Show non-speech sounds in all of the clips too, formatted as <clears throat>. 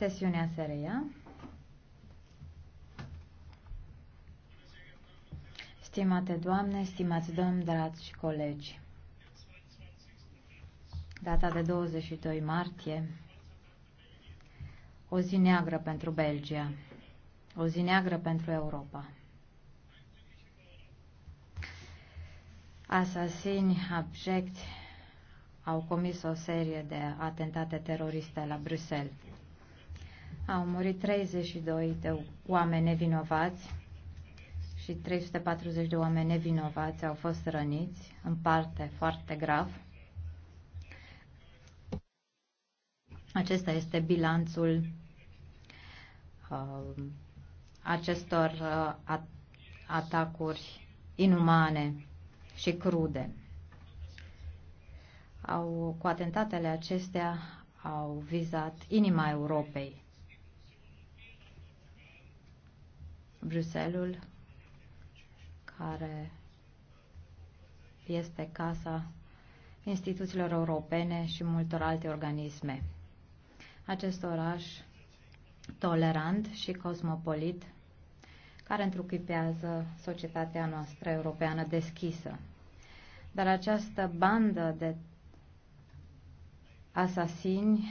Sesiunea SREA. Stimate Doamne, stimați Domn, dragi colegi, data de 22 martie, o zi neagră pentru Belgia, o zi neagră pentru Europa. Asasini abjecti au comis o serie de atentate teroriste la Bruxelles. Au murit 32 de oameni nevinovați și 340 de oameni nevinovați au fost răniți, în parte foarte grav. Acesta este bilanțul uh, acestor uh, at atacuri inumane și crude. Au, cu atentatele acestea au vizat inima Europei. Bruselul, care este casa instituțiilor europene și multor alte organisme. Acest oraș tolerant și cosmopolit, care întruchipează societatea noastră europeană deschisă. Dar această bandă de asasini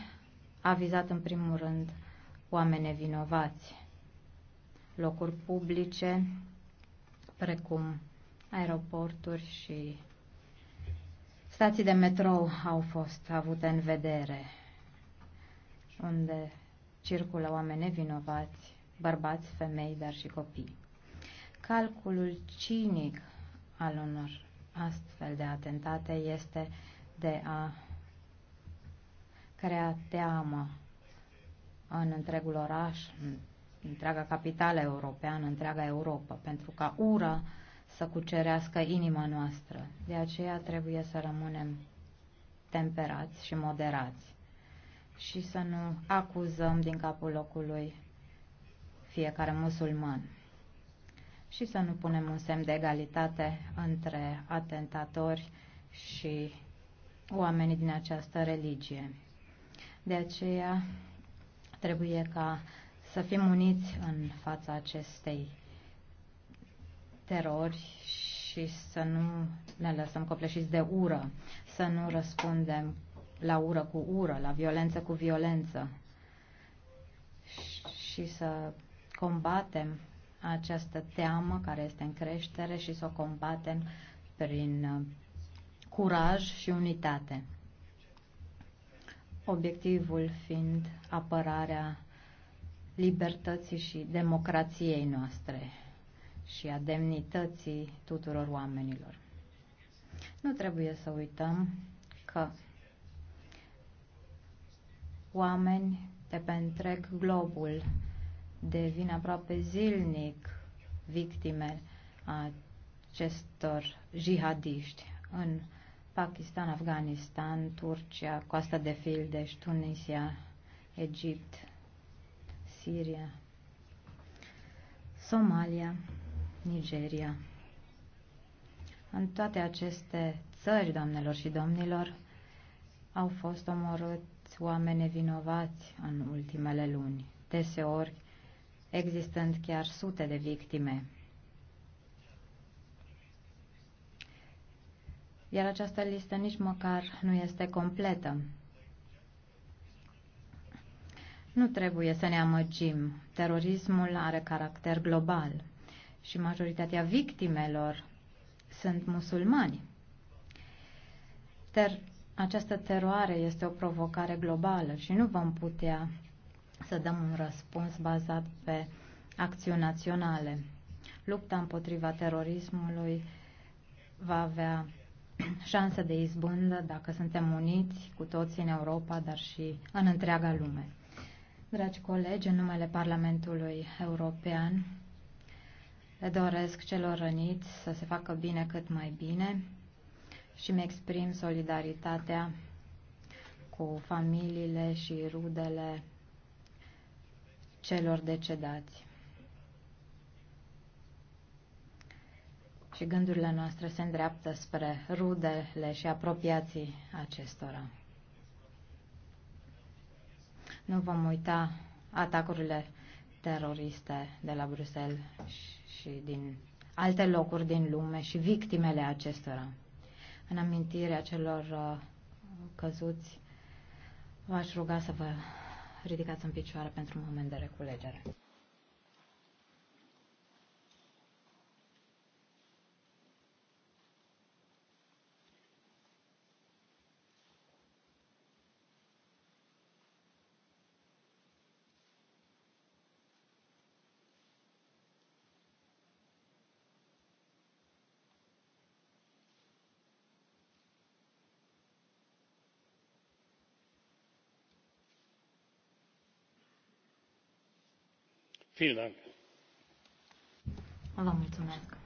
a vizat în primul rând oameni vinovați locuri publice, precum aeroporturi și stații de metrou au fost avute în vedere, unde circulă oameni nevinovați, bărbați, femei, dar și copii. Calculul cinic al unor astfel de atentate este de a crea teamă în întregul oraș, în întreaga capitală europeană, întreaga Europa, pentru ca ura să cucerească inima noastră. De aceea trebuie să rămânem temperați și moderați și să nu acuzăm din capul locului fiecare musulman și să nu punem un semn de egalitate între atentatori și oamenii din această religie. De aceea trebuie ca să fim uniți în fața acestei terori și să nu ne lăsăm copleșiți de ură, să nu răspundem la ură cu ură, la violență cu violență și să combatem această teamă care este în creștere și să o combatem prin curaj și unitate. Obiectivul fiind apărarea libertății și democrației noastre și a demnității tuturor oamenilor. Nu trebuie să uităm că oameni de pe întreg globul devin aproape zilnic victime a acestor jihadiști în Pakistan, Afganistan, Turcia, Coasta de Fildeș, Tunisia, Egipt, Siria, Somalia, Nigeria. În toate aceste țări, doamnelor și domnilor, au fost omorâți oameni nevinovați în ultimele luni, deseori existând chiar sute de victime. Iar această listă nici măcar nu este completă. Nu trebuie să ne amăgim. Terorismul are caracter global și majoritatea victimelor sunt musulmani. Ter- această teroare este o provocare globală și nu vom putea să dăm un răspuns bazat pe acțiuni naționale. Lupta împotriva terorismului va avea <clears throat> șanse de izbândă dacă suntem uniți cu toții în Europa, dar și în întreaga lume. Dragi colegi, în numele Parlamentului European, le doresc celor răniți să se facă bine cât mai bine și mi exprim solidaritatea cu familiile și rudele celor decedați. Și gândurile noastre se îndreaptă spre rudele și apropiații acestora. Nu vom uita atacurile teroriste de la Bruxelles și din alte locuri din lume și victimele acestora. În amintirea celor uh, căzuți, v-aș ruga să vă ridicați în picioare pentru un moment de reculegere. Vă mulțumesc.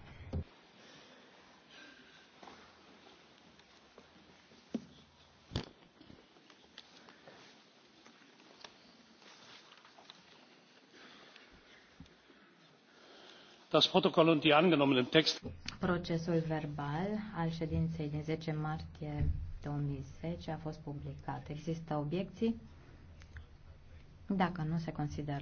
procesul verbal al ședinței din 10 martie 2010 a fost publicat. Există obiecții? Dacă nu se consideră